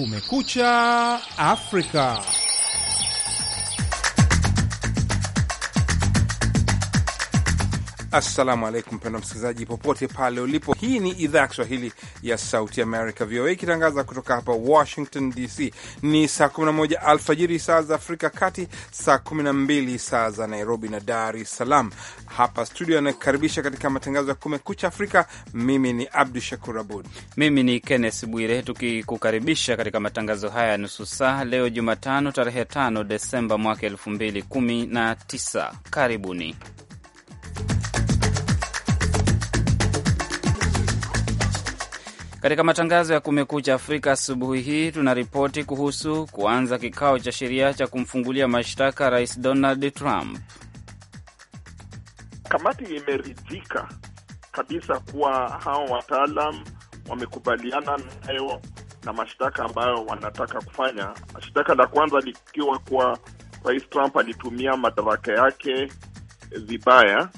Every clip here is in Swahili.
Kumekucha Afrika. Assalamu alaikum, mpendwa msikilizaji popote pale ulipo. Hii ni idhaa ya Kiswahili ya Sauti America, VOA, ikitangaza kutoka hapa Washington DC. Ni saa 11 alfajiri saa za Afrika Kati, saa 12 saa za Nairobi na Dar es Salaam. Hapa studio anakaribisha katika matangazo ya Kumekucha Afrika. Mimi ni Abdu Shakur Abud, mimi ni Kenneth Bwire, tukikukaribisha katika matangazo haya ya nusu saa leo Jumatano tarehe 5 Desemba mwaka 2019. Karibuni. Katika matangazo ya Kumekucha Afrika asubuhi hii tunaripoti kuhusu kuanza kikao cha sheria cha kumfungulia mashtaka Rais Donald Trump. Kamati imeridhika kabisa kuwa hao wataalam wamekubaliana nayo na mashtaka ambayo wanataka kufanya. Shtaka la kwanza likiwa kuwa Rais Trump alitumia madaraka yake vibaya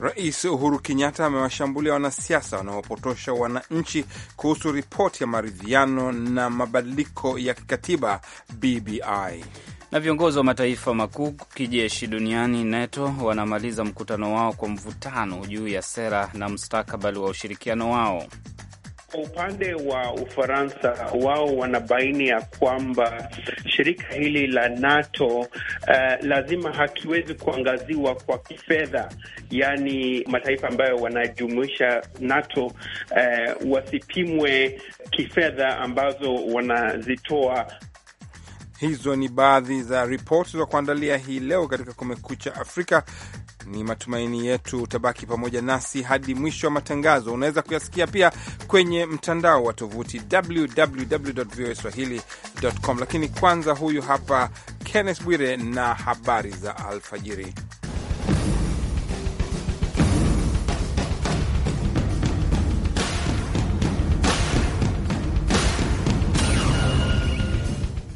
Rais Uhuru Kenyatta amewashambulia wanasiasa wanaopotosha wananchi kuhusu ripoti ya maridhiano na mabadiliko ya kikatiba BBI. Na viongozi wa mataifa makuu kijeshi duniani NATO wanamaliza mkutano wao kwa mvutano juu ya sera na mustakabali wa ushirikiano wao. Kwa upande wa Ufaransa, wao wanabaini ya kwamba shirika hili la NATO uh, lazima hakiwezi kuangaziwa kwa kifedha, yaani mataifa ambayo wanajumuisha NATO uh, wasipimwe kifedha ambazo wanazitoa. Hizo ni baadhi za ripoti za kuandalia hii leo katika Kumekucha Afrika. Ni matumaini yetu utabaki pamoja nasi hadi mwisho wa matangazo. Unaweza kuyasikia pia kwenye mtandao wa tovuti www.voaswahili.com. Lakini kwanza, huyu hapa Kenneth Bwire na habari za alfajiri.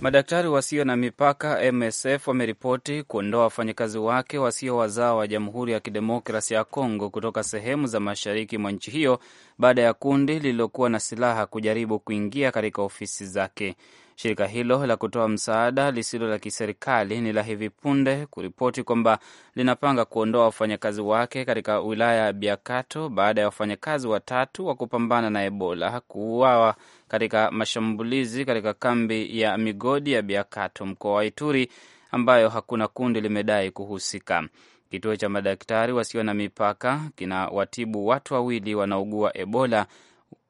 Madaktari wasio na mipaka MSF wameripoti kuondoa wafanyakazi wake wasio wazao wa Jamhuri ya Kidemokrasi ya Kongo kutoka sehemu za mashariki mwa nchi hiyo baada ya kundi lililokuwa na silaha kujaribu kuingia katika ofisi zake. Shirika hilo la kutoa msaada lisilo la kiserikali ni la hivi punde kuripoti kwamba linapanga kuondoa wafanyakazi wake katika wilaya ya Biakato baada ya wafanyakazi watatu wa kupambana na Ebola kuuawa katika mashambulizi katika kambi ya migodi ya Biakato mkoa wa Ituri ambayo hakuna kundi limedai kuhusika. Kituo cha madaktari wasio na mipaka kina watibu watu wawili wanaougua Ebola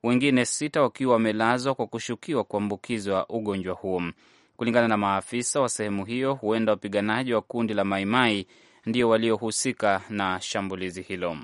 wengine sita wakiwa wamelazwa kwa kushukiwa kuambukizwa ugonjwa huo. Kulingana na maafisa wa sehemu hiyo, huenda wapiganaji wa kundi la Maimai ndio waliohusika na shambulizi hilo.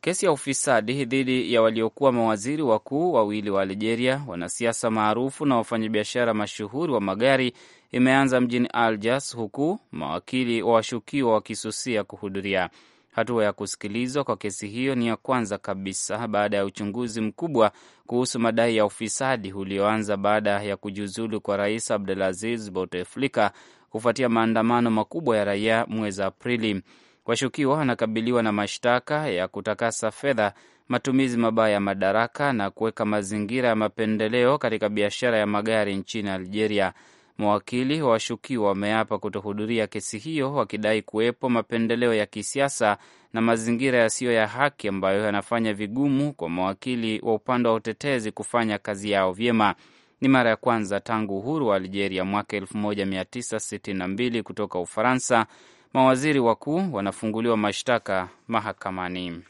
Kesi ya ufisadi dhidi ya waliokuwa mawaziri wakuu wawili wa Algeria, wanasiasa maarufu na wafanyabiashara mashuhuri wa magari imeanza mjini Algiers, huku mawakili wa washukiwa wakisusia kuhudhuria. Hatua ya kusikilizwa kwa kesi hiyo ni ya kwanza kabisa baada ya uchunguzi mkubwa kuhusu madai ya ufisadi ulioanza baada ya kujiuzulu kwa Rais Abdulaziz Bouteflika kufuatia maandamano makubwa ya raia mwezi Aprili. Washukiwa wanakabiliwa na mashtaka ya kutakasa fedha, matumizi mabaya ya madaraka na kuweka mazingira ya mapendeleo katika biashara ya magari nchini Algeria. Mawakili wa washukiwa wameapa kutohudhuria kesi hiyo, wakidai kuwepo mapendeleo ya kisiasa na mazingira yasiyo ya haki ambayo yanafanya vigumu kwa mawakili wa upande wa utetezi kufanya kazi yao vyema. Ni mara ya kwanza tangu uhuru wa Algeria mwaka 1962 kutoka Ufaransa, mawaziri wakuu wanafunguliwa mashtaka mahakamani.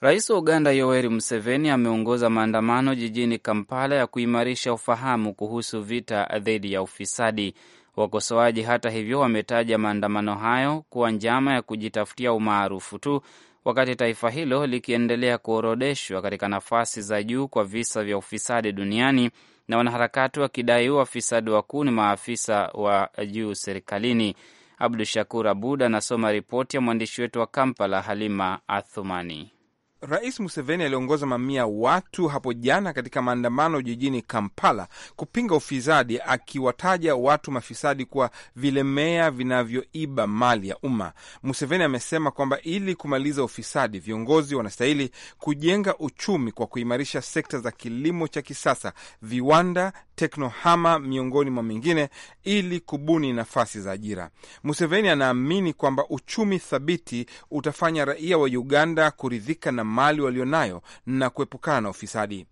Rais wa Uganda Yoweri Museveni ameongoza maandamano jijini Kampala ya kuimarisha ufahamu kuhusu vita dhidi ya ufisadi. Wakosoaji hata hivyo, wametaja maandamano hayo kuwa njama ya kujitafutia umaarufu tu, wakati taifa hilo likiendelea kuorodeshwa katika nafasi za juu kwa visa vya ufisadi duniani, na wanaharakati wakidai wafisadi wakuu ni maafisa wa juu serikalini. Abdu Shakur Abud anasoma ripoti ya mwandishi wetu wa Kampala, Halima Athumani. Rais Museveni aliongoza mamia watu hapo jana katika maandamano jijini Kampala kupinga ufisadi, akiwataja watu mafisadi kuwa vilemea vinavyoiba mali ya umma. Museveni amesema kwamba ili kumaliza ufisadi, viongozi wanastahili kujenga uchumi kwa kuimarisha sekta za kilimo cha kisasa, viwanda, teknohama, miongoni mwa mingine, ili kubuni nafasi za ajira. Museveni anaamini kwamba uchumi thabiti utafanya raia wa Uganda kuridhika na mali walionayo na kuepukana na ufisadi.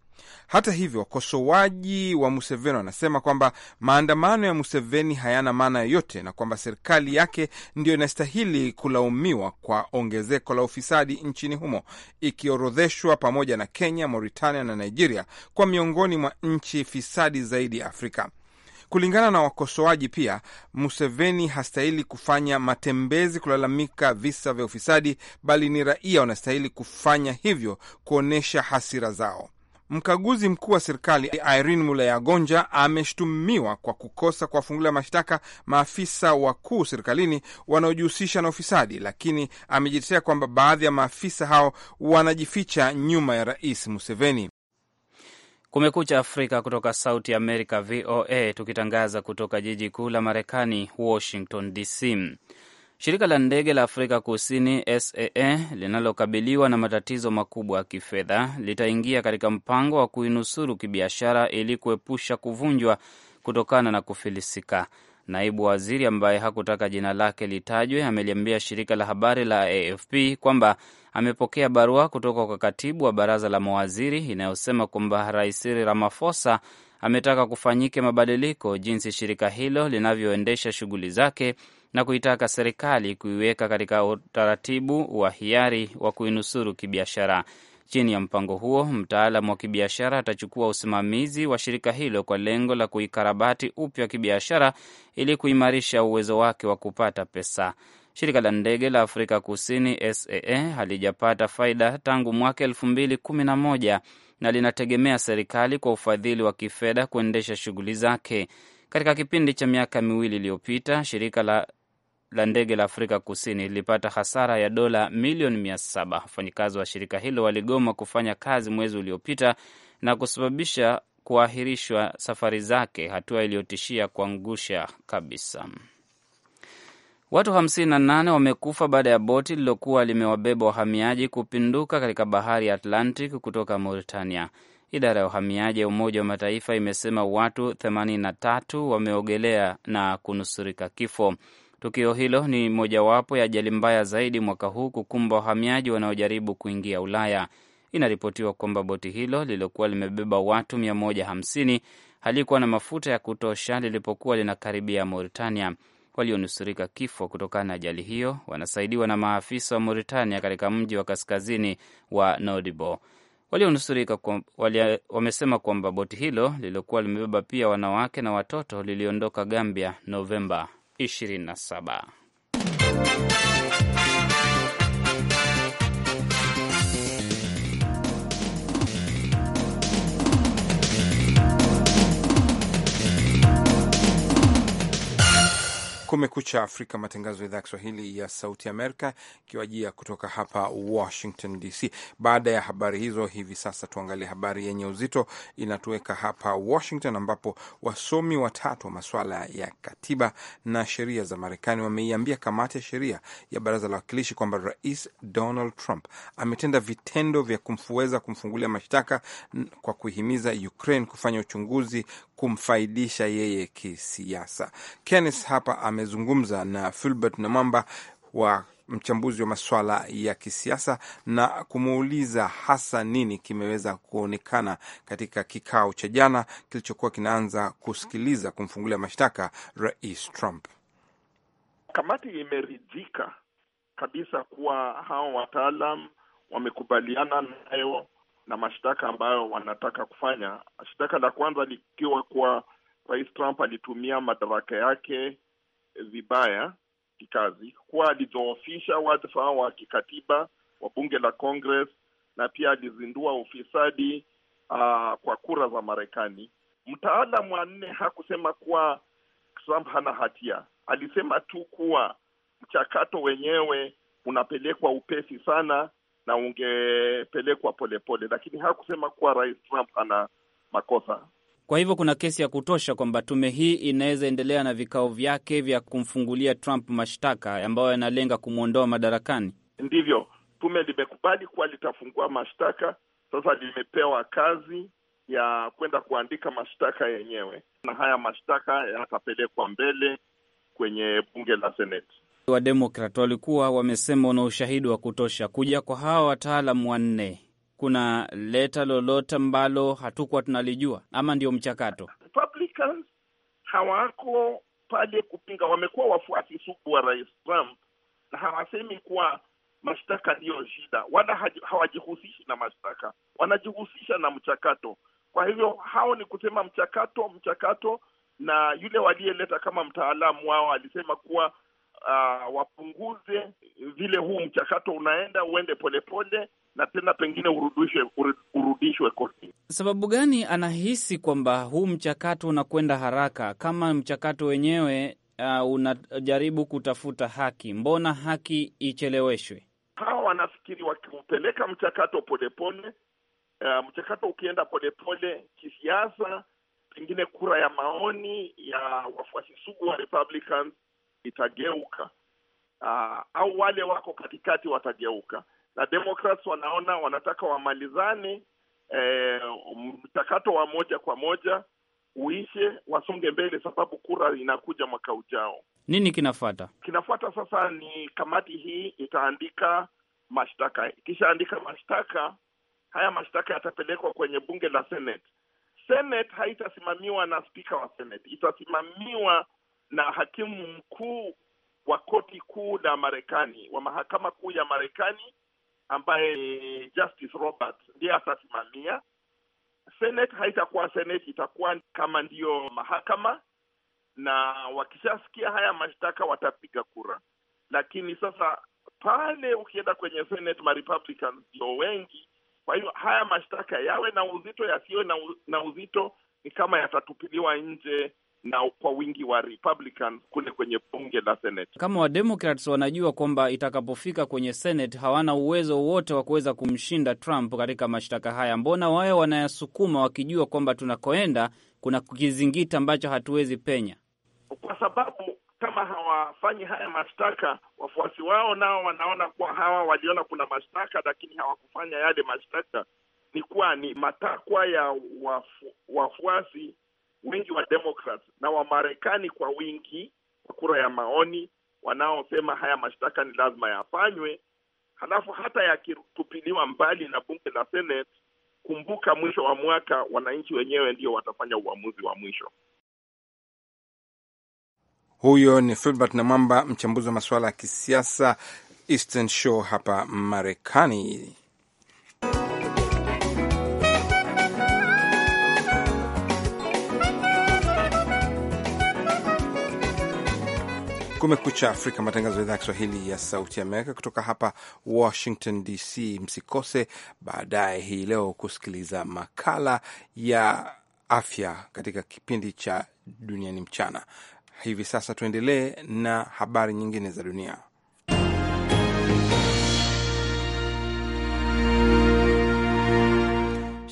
Hata hivyo, wakosoaji wa Museveni wanasema kwamba maandamano ya Museveni hayana maana yoyote na kwamba serikali yake ndiyo inastahili kulaumiwa kwa ongezeko la ufisadi nchini humo, ikiorodheshwa pamoja na Kenya, Mauritania na Nigeria kwa miongoni mwa nchi fisadi zaidi ya Afrika. Kulingana na wakosoaji pia, Museveni hastahili kufanya matembezi kulalamika visa vya ufisadi, bali ni raia wanastahili kufanya hivyo kuonyesha hasira zao. Mkaguzi mkuu wa serikali Irene Muleyagonja ameshutumiwa kwa kukosa kuwafungulia mashtaka maafisa wakuu serikalini wanaojihusisha na ufisadi, lakini amejitetea kwamba baadhi ya maafisa hao wanajificha nyuma ya Rais Museveni. Kumekucha Afrika kutoka Sauti Amerika, VOA, tukitangaza kutoka jiji kuu la Marekani, Washington DC. Shirika la ndege la Afrika Kusini SAA linalokabiliwa na matatizo makubwa ya kifedha litaingia katika mpango wa kuinusuru kibiashara ili kuepusha kuvunjwa kutokana na kufilisika. Naibu waziri ambaye hakutaka jina lake litajwe ameliambia shirika la habari la AFP kwamba amepokea barua kutoka kwa katibu wa baraza la mawaziri inayosema kwamba Rais ramafosa Ramaphosa ametaka kufanyike mabadiliko jinsi shirika hilo linavyoendesha shughuli zake na kuitaka serikali kuiweka katika utaratibu wa hiari wa kuinusuru kibiashara. Chini ya mpango huo, mtaalamu wa kibiashara atachukua usimamizi wa shirika hilo kwa lengo la kuikarabati upya kibiashara ili kuimarisha uwezo wake wa kupata pesa. Shirika la ndege la Afrika Kusini SAA halijapata faida tangu mwaka elfu mbili kumi na moja na linategemea serikali kwa ufadhili wa kifedha kuendesha shughuli zake. Katika kipindi cha miaka miwili iliyopita, shirika la la ndege la Afrika Kusini lilipata hasara ya dola milioni mia saba. Wafanyakazi wa shirika hilo waligoma kufanya kazi mwezi uliopita na kusababisha kuahirishwa safari zake, hatua iliyotishia kuangusha kabisa. Watu 58 wamekufa baada ya boti lililokuwa limewabeba wahamiaji kupinduka katika bahari ya Atlantic kutoka Mauritania. Idara ya uhamiaji ya Umoja wa Mataifa imesema watu 83 wameogelea na kunusurika kifo. Tukio hilo ni mojawapo ya ajali mbaya zaidi mwaka huu kukumba wahamiaji wanaojaribu kuingia Ulaya. Inaripotiwa kwamba boti hilo lililokuwa limebeba watu 150 halikuwa na mafuta ya kutosha lilipokuwa linakaribia Mauritania. Walionusurika kifo kutokana na ajali hiyo wanasaidiwa na maafisa wa Mauritania katika mji wa kaskazini wa Nodibo. Walionusurika wali, wamesema kwamba boti hilo lililokuwa limebeba pia wanawake na watoto liliondoka Gambia Novemba 27. Kumekucha Afrika, matangazo ya idhaa ya Kiswahili ya Sauti Amerika ikiwajia kutoka hapa Washington DC. Baada ya habari hizo, hivi sasa tuangalie habari yenye uzito, inatuweka hapa Washington, ambapo wasomi watatu wa masuala ya katiba na sheria za Marekani wameiambia kamati ya sheria ya Baraza la Wawakilishi kwamba Rais Donald Trump ametenda vitendo vya kumfuweza kumfungulia mashtaka kwa kuihimiza Ukraine kufanya uchunguzi kumfaidisha yeye kisiasa. Kenneth hapa amezungumza na Fulbert Namwamba wa mchambuzi wa masuala ya kisiasa na kumuuliza hasa nini kimeweza kuonekana katika kikao cha jana kilichokuwa kinaanza kusikiliza kumfungulia mashtaka Rais Trump. Kamati imeridhika kabisa kuwa hao wataalam wamekubaliana nayo na mashtaka ambayo wanataka kufanya. Shtaka la kwanza likiwa kuwa Rais Trump alitumia madaraka yake vibaya kikazi, kuwa alidhoofisha wadhifa wa kikatiba wa bunge la Congress na pia alizindua ufisadi uh, kwa kura za Marekani. Mtaalam wa nne hakusema kuwa Trump hana hatia, alisema tu kuwa mchakato wenyewe unapelekwa upesi sana na ungepelekwa polepole, lakini hakusema kuwa Rais Trump ana makosa. Kwa hivyo kuna kesi ya kutosha kwamba tume hii inaweza endelea na vikao vyake vya kumfungulia Trump mashtaka ambayo yanalenga kumwondoa madarakani. Ndivyo tume limekubali kuwa litafungua mashtaka. Sasa limepewa kazi ya kwenda kuandika mashtaka yenyewe, na haya mashtaka yatapelekwa mbele kwenye bunge la Seneti wa Demokrat walikuwa wamesema una ushahidi wa kutosha. Kuja kwa hawa wataalam wanne kuna leta lolote ambalo hatukuwa tunalijua, ama ndio mchakato? Republicans hawako pale kupinga, wamekuwa wafuasi sugu wa Rais Trump na hawasemi kuwa mashtaka ndiyo shida, wala hawajihusishi na mashtaka, wanajihusisha na mchakato. Kwa hivyo hao ni kusema mchakato, mchakato, na yule waliyeleta kama mtaalamu wao alisema kuwa uh, wapunguze vile huu mchakato unaenda uende polepole pole, na tena pengine urudishwe urudishwe kotini. Sababu gani anahisi kwamba huu mchakato unakwenda haraka kama mchakato wenyewe uh, unajaribu kutafuta haki? Mbona haki icheleweshwe? Hawa wanafikiri wakiupeleka mchakato polepole uh, mchakato ukienda polepole kisiasa, pengine kura ya maoni ya wafuasi sugu wa Republicans itageuka uh, au wale wako katikati watageuka, na Democrats wanaona wanataka wamalizane, eh, mchakato wa moja kwa moja uishe, wasonge mbele, sababu kura inakuja mwaka ujao. Nini kinafuata? Kinafuata sasa ni kamati hii itaandika mashtaka, ikishaandika mashtaka haya mashtaka yatapelekwa kwenye bunge la Senate. Senate haitasimamiwa na spika wa Senate, itasimamiwa na hakimu mkuu wa koti kuu la Marekani wa mahakama kuu ya Marekani ambaye ni Justice Roberts ndiye atasimamia. Senate haitakuwa seneti, itakuwa kama ndiyo mahakama, na wakishasikia haya mashtaka watapiga kura. Lakini sasa pale ukienda kwenye Senate ma Republicans ndio wengi, kwa hiyo haya mashtaka yawe na uzito, yasiwe na uzito, ni kama yatatupiliwa nje na kwa wingi wa Republican kule kwenye bunge la Senate. Kama wademokrat wanajua kwamba itakapofika kwenye Senate hawana uwezo wote wa kuweza kumshinda Trump katika mashtaka haya, mbona wao wanayasukuma wakijua kwamba tunakoenda kuna kizingiti ambacho hatuwezi penya, kwa sababu kama hawafanyi haya mashtaka, wafuasi wao nao wanaona kuwa hawa waliona kuna mashtaka lakini hawakufanya yale mashtaka. Ni kuwa ni matakwa ya wafu, wafuasi wengi wa Democrats na Wamarekani kwa wingi kwa kura ya maoni wanaosema haya mashtaka ni lazima yafanywe. Halafu hata yakitupiliwa mbali na bunge la Senate, kumbuka, mwisho wa mwaka wananchi wenyewe ndio watafanya uamuzi wa mwisho. Huyo ni Filbert Namwamba, mchambuzi wa masuala ya kisiasa Eastern Show hapa Marekani. Kumekucha Afrika, matangazo ya idhaa ya Kiswahili ya Sauti Amerika kutoka hapa Washington DC. Msikose baadaye hii leo kusikiliza makala ya afya katika kipindi cha Duniani Mchana. Hivi sasa tuendelee na habari nyingine za dunia.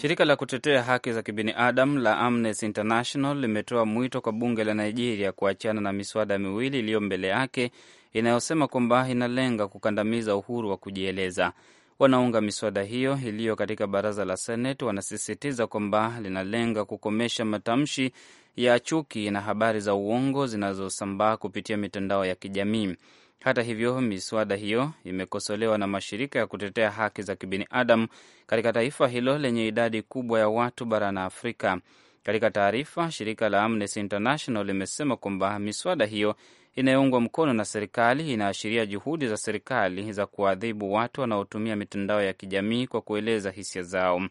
Shirika la kutetea haki za kibinadamu la Amnesty International limetoa mwito kwa bunge la Nigeria kuachana na miswada miwili iliyo mbele yake inayosema kwamba inalenga kukandamiza uhuru wa kujieleza. Wanaunga miswada hiyo iliyo katika baraza la Seneti wanasisitiza kwamba linalenga kukomesha matamshi ya chuki na habari za uongo zinazosambaa kupitia mitandao ya kijamii. Hata hivyo, miswada hiyo imekosolewa na mashirika ya kutetea haki za kibinadamu katika taifa hilo lenye idadi kubwa ya watu barani Afrika. Katika taarifa, shirika la Amnesty International limesema kwamba miswada hiyo inayoungwa mkono na serikali inaashiria juhudi za serikali za kuadhibu watu wanaotumia mitandao ya kijamii kwa kueleza hisia zao.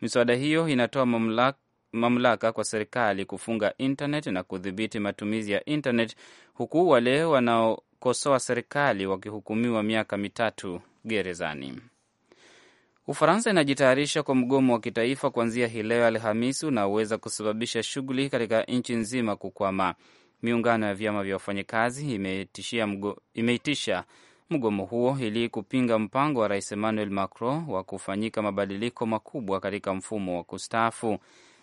Miswada hiyo inatoa mamlaka mamlaka kwa serikali kufunga internet na kudhibiti matumizi ya internet huku wale wanao kukosoa serikali wakihukumiwa miaka mitatu gerezani. Ufaransa inajitayarisha kwa mgomo wa kitaifa kuanzia hii leo Alhamisi unaoweza kusababisha shughuli katika nchi nzima kukwama. Miungano ya vyama vya wafanyakazi imeitisha mgo, imeitisha mgomo huo ili kupinga mpango wa rais Emmanuel Macron wa kufanyika mabadiliko makubwa katika mfumo wa kustaafu.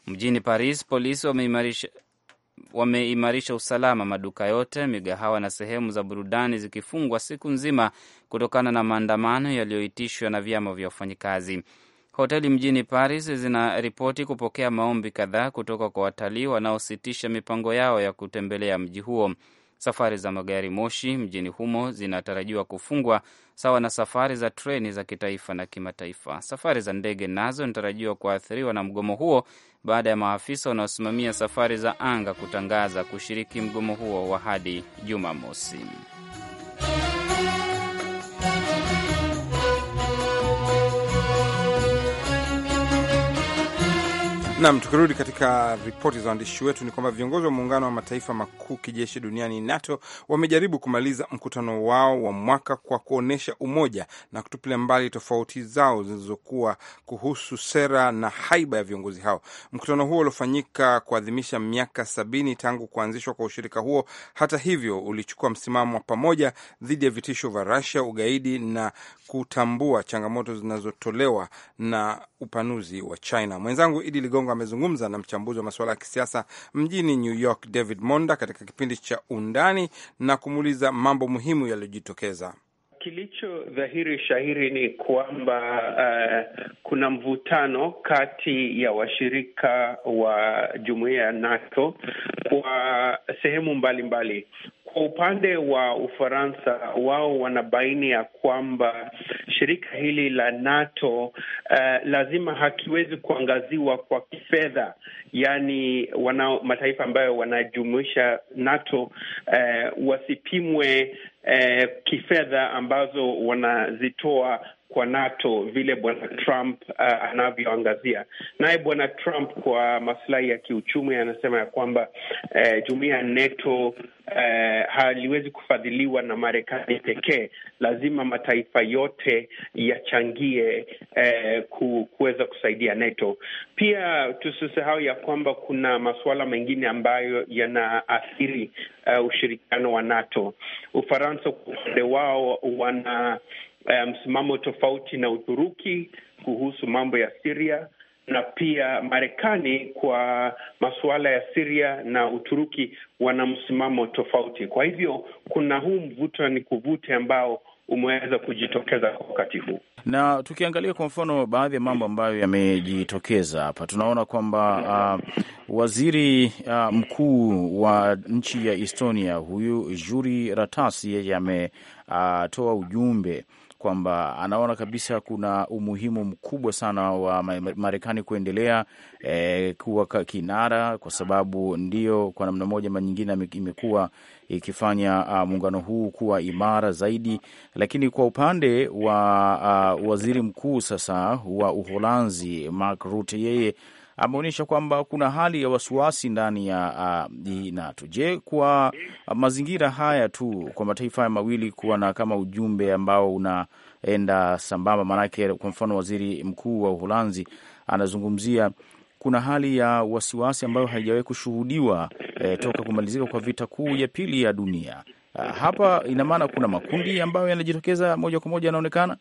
Mjini Paris, polisi wameimarisha wameimarisha usalama, maduka yote, migahawa na sehemu za burudani zikifungwa siku nzima kutokana na maandamano yaliyoitishwa na vyama vya wafanyikazi. Hoteli mjini Paris zinaripoti kupokea maombi kadhaa kutoka kwa watalii wanaositisha mipango yao ya kutembelea mji huo. Safari za magari moshi mjini humo zinatarajiwa kufungwa sawa na safari za treni za kitaifa na kimataifa. Safari za ndege nazo zinatarajiwa kuathiriwa na mgomo huo baada ya maafisa wanaosimamia safari za anga kutangaza kushiriki mgomo huo wa hadi Jumamosi. Nam, tukirudi katika ripoti za waandishi wetu ni kwamba viongozi wa muungano wa mataifa makuu kijeshi duniani NATO wamejaribu kumaliza mkutano wao wa mwaka kwa kuonyesha umoja na kutupilia mbali tofauti zao zilizokuwa kuhusu sera na haiba ya viongozi hao. Mkutano huo uliofanyika kuadhimisha miaka sabini tangu kuanzishwa kwa ushirika huo, hata hivyo, ulichukua msimamo wa pamoja dhidi ya vitisho vya rasia ugaidi na kutambua changamoto zinazotolewa na upanuzi wa China. Mwenzangu Idi Ligongo Ligongo amezungumza na mchambuzi wa masuala ya kisiasa mjini New York David Monda katika kipindi cha Undani na kumuuliza mambo muhimu yaliyojitokeza. Kilicho dhahiri shahiri ni kwamba uh, kuna mvutano kati ya washirika wa jumuiya ya NATO kwa sehemu mbalimbali mbali. Kwa upande wa Ufaransa, wao wanabaini ya kwamba shirika hili la NATO uh, lazima hakiwezi kuangaziwa kwa kifedha, yaani wana mataifa ambayo wanajumuisha NATO uh, wasipimwe eh, kifedha ambazo wanazitoa kwa NATO vile bwana Trump uh, anavyoangazia. Naye bwana Trump kwa masilahi ya kiuchumi anasema ya kwamba eh, uh, jumuia ya NATO eh, haliwezi kufadhiliwa na Marekani pekee, lazima mataifa yote yachangie eh, kuweza kusaidia NATO. Pia tusisahau ya kwamba kuna masuala mengine ambayo yanaathiri uh, ushirikiano wa NATO. Ufaransa kwa upande wao wana Um, msimamo um, tofauti na Uturuki kuhusu mambo ya Siria na pia Marekani kwa masuala ya Siria na Uturuki wana msimamo tofauti. Kwa hivyo kuna huu mvuto ni kuvute ambao umeweza kujitokeza kwa wakati huu, na tukiangalia kwa mfano baadhi ya mambo ambayo yamejitokeza hapa, tunaona kwamba uh, waziri uh, mkuu wa nchi ya Estonia huyu Juri Ratasi yeye ametoa uh, ujumbe kwamba anaona kabisa kuna umuhimu mkubwa sana wa Marekani kuendelea e, kuwa kinara, kwa sababu ndio kwa namna moja ama nyingine imekuwa ikifanya uh, muungano huu kuwa imara zaidi. Lakini kwa upande wa uh, waziri mkuu sasa wa Uholanzi Mark Rutte, yeye ameonyesha kwamba kuna hali ya wasiwasi ndani ya uh, NATO. Je, kwa mazingira haya tu kwa mataifa haya mawili kuwa na kama ujumbe ambao unaenda sambamba, maanake kwa mfano waziri mkuu wa Uholanzi anazungumzia kuna hali ya wasiwasi ambayo haijawahi kushuhudiwa eh, toka kumalizika kwa vita kuu ya pili ya dunia. Hapa ina maana kuna makundi ambayo yanajitokeza moja kwa moja, yanaonekana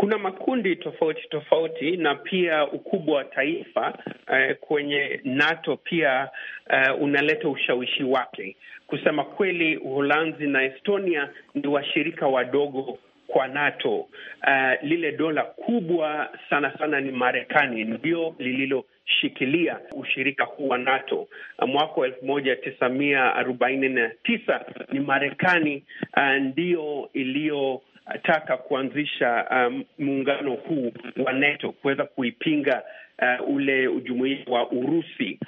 kuna makundi tofauti tofauti na pia ukubwa wa taifa eh, kwenye NATO pia eh, unaleta ushawishi wake. Kusema kweli, Uholanzi na Estonia ni washirika wadogo kwa NATO. Uh, lile dola kubwa sana sana ni Marekani ndio lililoshikilia ushirika huu wa NATO. Mwaka wa elfu moja tisa mia arobaini na tisa ni Marekani uh, ndio iliyo taka kuanzisha um, muungano huu wa NATO kuweza kuipinga uh, ule ujumuishi wa Urusi.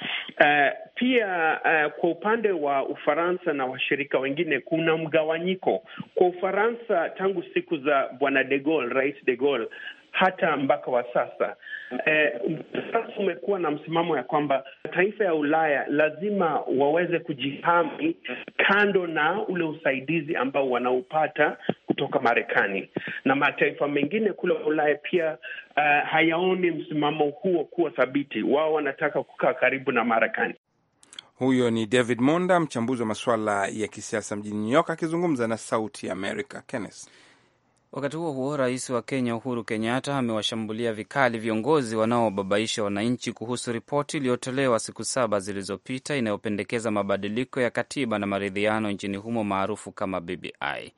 Uh, pia uh, kwa upande wa Ufaransa na washirika wengine kuna mgawanyiko. Kwa Ufaransa tangu siku za bwana de Gaulle, rais de Gaulle hata mpaka wa sasa Eh, sasa umekuwa na msimamo ya kwamba mataifa ya Ulaya lazima waweze kujihami kando na ule usaidizi ambao wanaupata kutoka Marekani na mataifa mengine kule Ulaya pia uh, hayaoni msimamo huo kuwa thabiti. Wao wanataka kukaa karibu na Marekani. Huyo ni David Monda, mchambuzi wa masuala ya kisiasa mjini New York, akizungumza na Sauti ya America. Kenneth Wakati huo huo, rais wa Kenya Uhuru Kenyatta amewashambulia vikali viongozi wanaobabaisha wananchi kuhusu ripoti iliyotolewa siku saba zilizopita inayopendekeza mabadiliko ya katiba na maridhiano nchini humo maarufu kama BBI.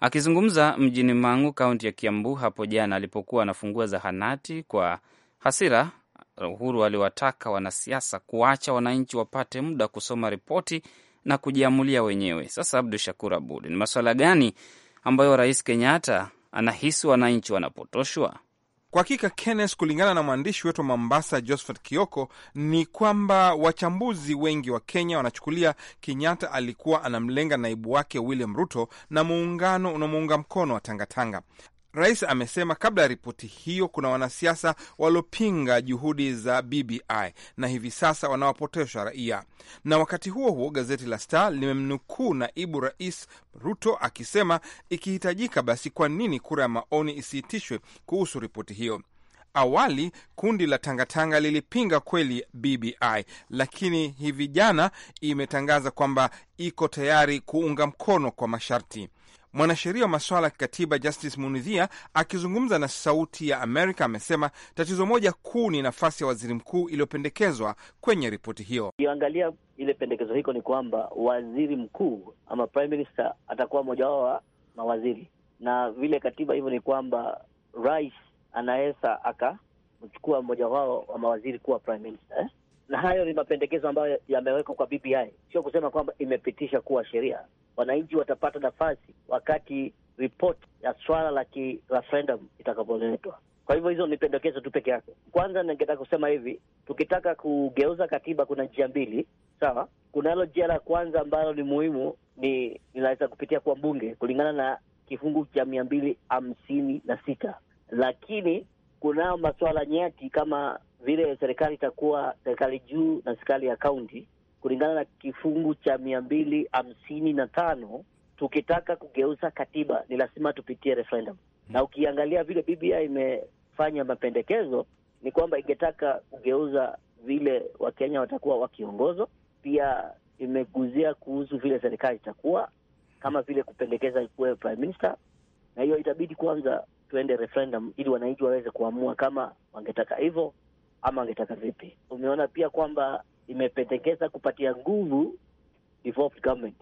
Akizungumza mjini Mang'u, kaunti ya Kiambu hapo jana alipokuwa anafungua zahanati, kwa hasira Uhuru aliwataka wanasiasa kuacha wananchi wapate muda kusoma ripoti na kujiamulia wenyewe. Sasa Abdu Shakur Abud, ni masuala gani ambayo Rais Kenyatta anahisi wananchi wanapotoshwa? Kwa hakika Kennes, kulingana na mwandishi wetu wa Mombasa Josephat Kioko, ni kwamba wachambuzi wengi wa Kenya wanachukulia Kenyatta alikuwa anamlenga naibu wake William Ruto na muungano unamuunga mkono wa Tangatanga. Rais amesema kabla ya ripoti hiyo kuna wanasiasa waliopinga juhudi za BBI na hivi sasa wanawapotosha raia. Na wakati huo huo, gazeti la Star limemnukuu naibu rais Ruto akisema ikihitajika, basi kwa nini kura ya maoni isiitishwe kuhusu ripoti hiyo? Awali kundi la tangatanga lilipinga kweli BBI, lakini hivi jana imetangaza kwamba iko tayari kuunga mkono kwa masharti. Mwanasheria wa masuala ya kikatiba Justice Munidhia akizungumza na Sauti ya Amerika amesema tatizo moja kuu ni nafasi ya waziri mkuu iliyopendekezwa kwenye ripoti hiyo. Ukiangalia ile pendekezo hiko ni kwamba waziri mkuu ama prime minister atakuwa mmoja wao wa mawaziri, na vile katiba hivyo ni kwamba rais anaweza akamchukua mmoja wao wa mawaziri kuwa prime minister eh? na hayo ni mapendekezo ambayo yamewekwa kwa BBI, sio kusema kwamba imepitisha kuwa sheria wananchi watapata nafasi wakati ripoti ya swala la referendum itakapoletwa. Kwa hivyo hizo ni pendekezo tu peke yake. Kwanza ningetaka kusema hivi, tukitaka kugeuza katiba kuna njia mbili, sawa? Kunalo njia la kwanza ambalo ni muhimu, ni linaweza kupitia kwa bunge kulingana na kifungu cha mia mbili hamsini na sita, lakini kunayo masuala nyeti kama vile serikali itakuwa serikali juu na serikali ya kaunti kulingana na kifungu cha mia mbili hamsini na tano tukitaka kugeuza katiba ni lazima tupitie referendum. Na ukiangalia vile BBI imefanya mapendekezo ni kwamba ingetaka kugeuza vile Wakenya watakuwa wakiongozwa. Pia imeguzia kuhusu vile serikali itakuwa, kama vile kupendekeza kuwe prime minister, na hiyo itabidi kwanza tuende referendum ili wananchi waweze kuamua kama wangetaka hivyo ama wangetaka vipi. Umeona pia kwamba imependekeza kupatia nguvu devolved government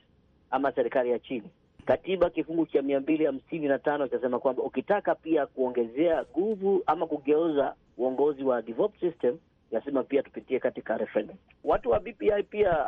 ama serikali ya chini. Katiba kifungu cha mia mbili hamsini na tano chasema kwamba ukitaka pia kuongezea nguvu ama kugeuza uongozi wa devolved system lazima pia tupitie katika referendum. Watu wa BPI pia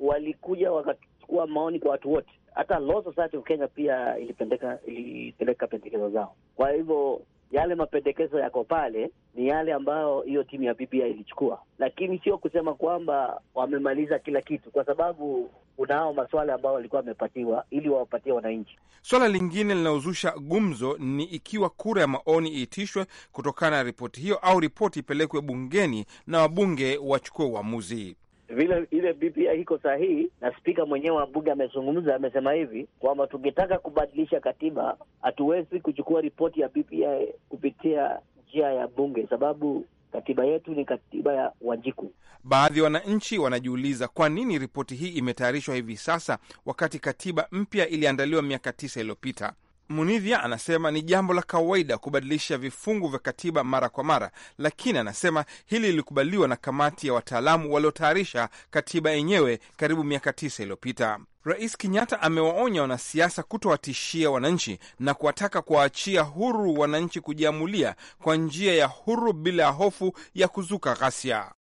walikuja wakachukua maoni kwa watu wote, hata Law Society of Kenya pia ilipendeka ilipeleka pendekezo zao. Kwa hivyo yale mapendekezo yako pale ni yale ambayo hiyo timu ya BBI ilichukua, lakini sio kusema kwamba wamemaliza kila kitu, kwa sababu kunao maswala ambayo walikuwa wamepatiwa ili wawapatie wananchi. Swala lingine linalozusha gumzo ni ikiwa kura ya maoni iitishwe kutokana na ripoti hiyo au ripoti ipelekwe bungeni na wabunge wachukue uamuzi vile ile BPI iko sahihi, na spika mwenyewe wa bunge amezungumza, amesema hivi kwamba tungetaka kubadilisha katiba, hatuwezi kuchukua ripoti ya BPI kupitia njia ya bunge, sababu katiba yetu ni katiba ya Wanjiku. Baadhi ya wananchi wanajiuliza kwa nini ripoti hii imetayarishwa hivi sasa wakati katiba mpya iliandaliwa miaka tisa iliyopita. Munidhia anasema ni jambo la kawaida kubadilisha vifungu vya katiba mara kwa mara, lakini anasema hili lilikubaliwa na kamati ya wataalamu waliotayarisha katiba yenyewe karibu miaka tisa iliyopita. Rais Kenyatta amewaonya wanasiasa kutowatishia wananchi na kuwataka kuwaachia huru wananchi kujiamulia kwa njia ya huru bila ya hofu ya kuzuka ghasia.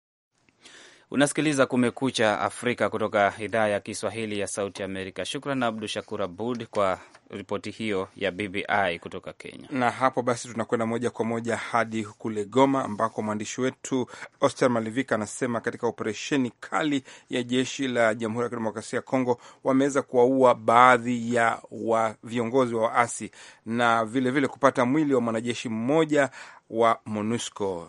Unasikiliza Kumekucha Afrika kutoka idhaa ya Kiswahili ya Sauti Amerika. Shukran Abdu Shakur Abud kwa ripoti hiyo ya BBI kutoka Kenya. Na hapo basi, tunakwenda moja kwa moja hadi kule Goma, ambako mwandishi wetu Oster Malivika anasema katika operesheni kali ya jeshi la Jamhuri ya Kidemokrasia ya Kongo wameweza kuwaua baadhi ya wa viongozi wa waasi na vilevile vile kupata mwili wa mwanajeshi mmoja wa MONUSCO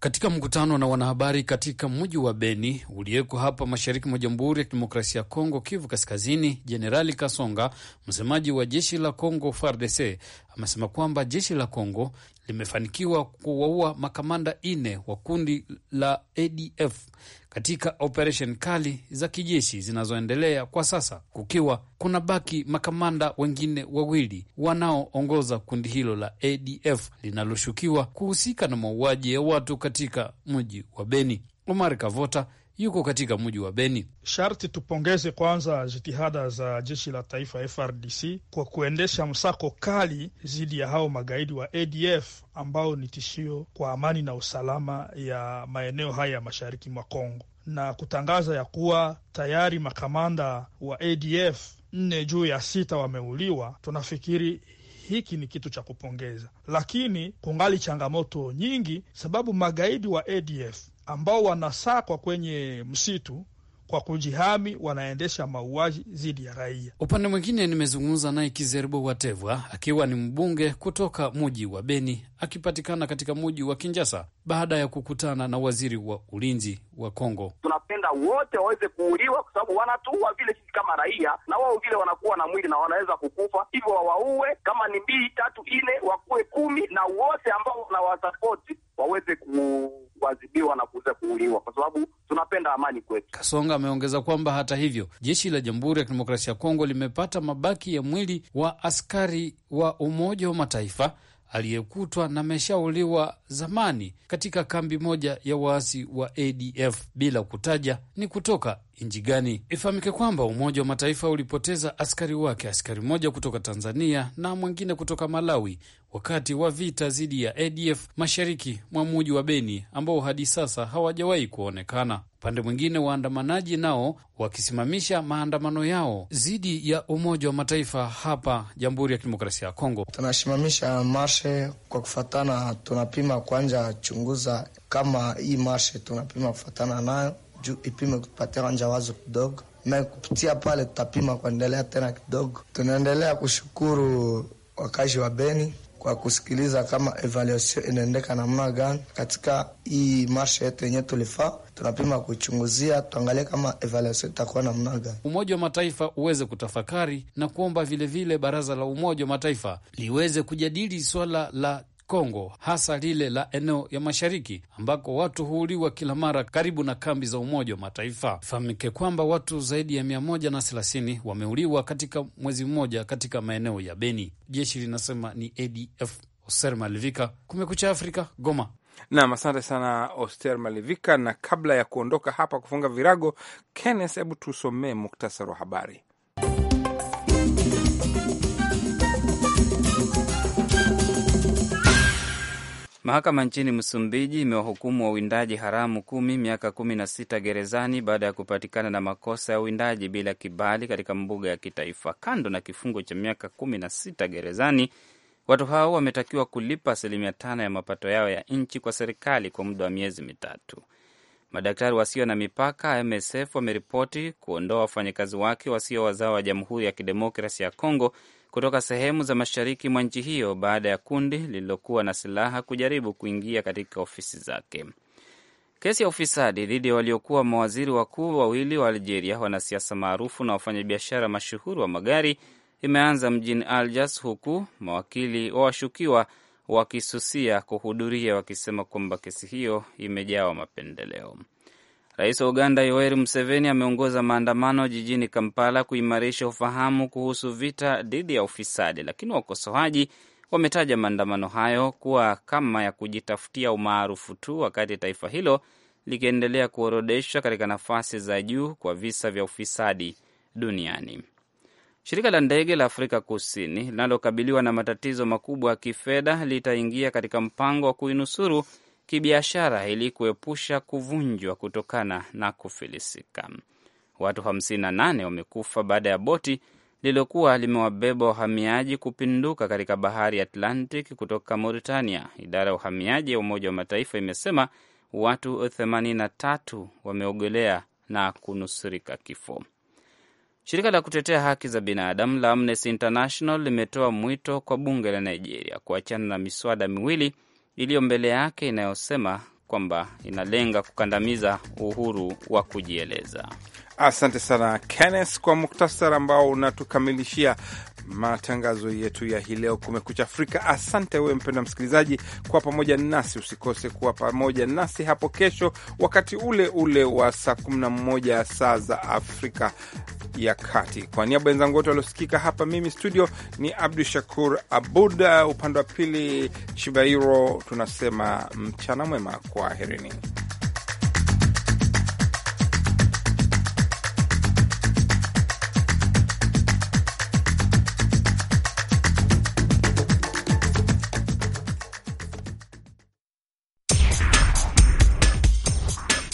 katika mkutano na wanahabari katika mji wa Beni uliyeko hapa mashariki mwa Jamhuri ya Kidemokrasia ya Kongo, Kivu Kaskazini, Jenerali Kasonga, msemaji wa jeshi la Kongo FARDC, amesema kwamba jeshi la Kongo limefanikiwa kuwaua makamanda ine wa kundi la ADF katika operesheni kali za kijeshi zinazoendelea kwa sasa, kukiwa kuna baki makamanda wengine wawili wanaoongoza kundi hilo la ADF linaloshukiwa kuhusika na mauaji ya watu katika mji wa Beni. Omar Kavota yuko katika mji wa Beni. Sharti tupongeze kwanza jitihada za jeshi la taifa FRDC kwa kuendesha msako kali dhidi ya hao magaidi wa ADF ambao ni tishio kwa amani na usalama ya maeneo haya ya mashariki mwa Kongo na kutangaza ya kuwa tayari makamanda wa ADF nne juu ya sita wameuliwa. Tunafikiri hiki ni kitu cha kupongeza, lakini kungali changamoto nyingi, sababu magaidi wa ADF ambao wanasakwa kwenye msitu kwa kujihami wanaendesha mauaji dhidi ya raia. Upande mwingine, nimezungumza naye Kizerbo Watevwa akiwa ni mbunge kutoka muji wa Beni akipatikana katika muji wa Kinjasa baada ya kukutana na waziri wa ulinzi wa Kongo. Tunapenda wote waweze kuuliwa kwa sababu wanatuua vile sisi kama raia, na wao vile wanakuwa na mwili na wanaweza kukufa, hivyo wawaue. Kama ni mbili tatu nne, wakuwe kumi, na wote ambao wanawasapoti waweze kuadhibiwa na kuweza kuuliwa, kwa sababu tunapenda amani kwetu. Kasonga ameongeza kwamba hata hivyo, jeshi la Jamhuri ya Kidemokrasia ya Kongo limepata mabaki ya mwili wa askari wa Umoja wa Mataifa aliyekutwa na ameshauliwa zamani katika kambi moja ya waasi wa ADF bila kutaja ni kutoka nchi gani. Ifahamike kwamba Umoja wa Mataifa ulipoteza askari wake, askari mmoja kutoka Tanzania na mwingine kutoka Malawi, wakati wa vita dhidi ya ADF mashariki mwa muji wa Beni ambao hadi sasa hawajawahi kuonekana. Upande mwingine, waandamanaji nao wakisimamisha maandamano yao dhidi ya Umoja wa Mataifa hapa Jamhuri ya Kidemokrasia ya Kongo. Tunasimamisha marshe kwa kufatana, tunapima kwanja chunguza kama hii marshe tunapima kufatana nayo juu ipime kutupatia kwanja wazo kidogo me kupitia pale tutapima kuendelea tena kidogo. Tunaendelea kushukuru wakazi wa Beni kwa kusikiliza kama evaluation inaendeka namna gani katika hii marsha yetu yenyewe tulifaa tunapima kuchunguzia, tuangalie kama evaluation itakuwa namna gani. Umoja wa Mataifa uweze kutafakari na kuomba vilevile vile baraza la Umoja wa Mataifa liweze kujadili swala la Kongo, hasa lile la eneo ya mashariki ambako watu huuliwa kila mara karibu na kambi za Umoja wa Mataifa. Ifahamike kwamba watu zaidi ya mia moja na thelathini wameuliwa katika mwezi mmoja katika maeneo ya Beni. Jeshi linasema ni ADF. Oser Malivika, Kumekucha Afrika, Goma. Nam, asante sana Oster Malivika. Na kabla ya kuondoka hapa kufunga virago, kenes hebu tusomee muktasari wa habari. Mahakama nchini Msumbiji imewahukumu wawindaji haramu kumi miaka kumi na sita gerezani baada ya kupatikana na makosa ya uwindaji bila kibali katika mbuga ya kitaifa. Kando na kifungo cha miaka kumi na sita gerezani, watu hao wametakiwa kulipa asilimia tano ya mapato yao ya nchi kwa serikali kwa muda wa miezi mitatu. Madaktari Wasio na Mipaka, MSF, wameripoti kuondoa wafanyakazi wake wasio wazao wa Jamhuri ya Kidemokrasi ya congo kutoka sehemu za mashariki mwa nchi hiyo baada ya kundi lililokuwa na silaha kujaribu kuingia katika ofisi zake. Kesi ya ufisadi dhidi ya waliokuwa mawaziri wakuu wawili wa Algeria, wanasiasa maarufu na wafanyabiashara mashuhuri wa magari imeanza mjini Algiers, huku mawakili wa washukiwa wakisusia kuhudhuria wakisema kwamba kesi hiyo imejawa mapendeleo. Rais wa Uganda Yoweri Museveni ameongoza maandamano jijini Kampala kuimarisha ufahamu kuhusu vita dhidi ya ufisadi, lakini wakosoaji wametaja maandamano hayo kuwa kama ya kujitafutia umaarufu tu, wakati taifa hilo likiendelea kuorodeshwa katika nafasi za juu kwa visa vya ufisadi duniani. Shirika la ndege la Afrika Kusini linalokabiliwa na matatizo makubwa ya kifedha litaingia katika mpango wa kuinusuru kibiashara ili kuepusha kuvunjwa kutokana na kufilisika. Watu 58 wamekufa baada ya boti lililokuwa limewabeba wahamiaji kupinduka katika bahari ya Atlantic kutoka Mauritania. Idara ya uhamiaji ya Umoja wa Mataifa imesema watu 83 wameogelea na kunusurika kifo. Shirika la kutetea haki za binadamu la Amnesty International limetoa mwito kwa bunge la Nigeria kuachana na miswada miwili iliyo mbele yake inayosema kwamba inalenga kukandamiza uhuru wa kujieleza. Asante sana Kenneth kwa muktasar ambao unatukamilishia matangazo yetu ya hii leo, Kumekucha Afrika. Asante wewe mpenda msikilizaji kwa pamoja nasi. Usikose kuwa pamoja nasi hapo kesho wakati ule ule wa saa 11 saa za Afrika ya Kati. Kwa niaba wenzangu wote waliosikika hapa, mimi studio ni Abdu Shakur Abud, upande wa pili Chibairo. Tunasema mchana mwema, kwaherini.